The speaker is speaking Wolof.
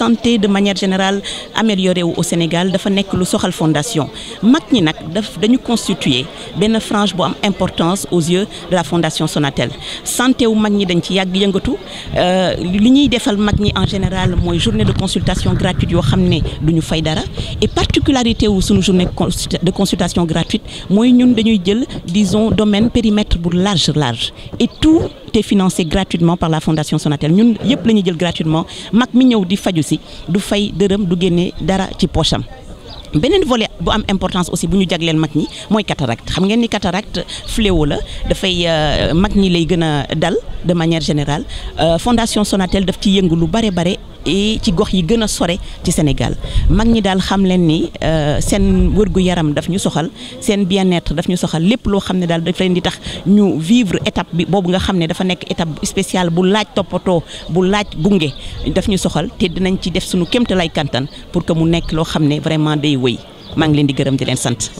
santé de manière générale améliorée wu au Sénégal dafa nekk lu soxal fondation mag ñi nag daf dañu constituer benn frange bu am importance aux yeux de la fondation Sonatel santé wu mag ñi dañ ci yàgg yëngatu euh, li ñuy defal mag ñi en général mooy journée de consultation gratuite yoo xam ne du ñu fay dara et particularité wu suñu journée de consultation gratuite mooy ñun dañuy jël disons domaine périmètre bu large large et tout te financer financé gratuitement par la fondation Sonatel ñun yëpp la ñuy jël gratuitement mag mi ñëw di faju si du fay dërëm du génnee dara ci poche am beneen volet bu am importance aussi bu ñu jagleel mag ñi mooy cataracte xam ngeen ni cataracte fléau la dafay euh, mag ñi lay gën a dal de manière générale euh, fondation Sonatel daf ci yëngu lu bare bare et ci gox yi gën a sore ci Sénégal mag ñi daal xam leen ni euh, seen wërgu yaram daf ñu soxal seen bien-être daf ñu soxal lépp loo xam ne daal daf leen di tax ñu vivre étape bi boobu nga xam ne dafa nekk étape spécial bu laaj toppatoo bu laaj gunge daf ñu soxal te dinañ ci def suñu kéemtalaay kantan pour que mu nekk loo xam ne vraiment day wëy maa ngi leen di gërëm di leen sant.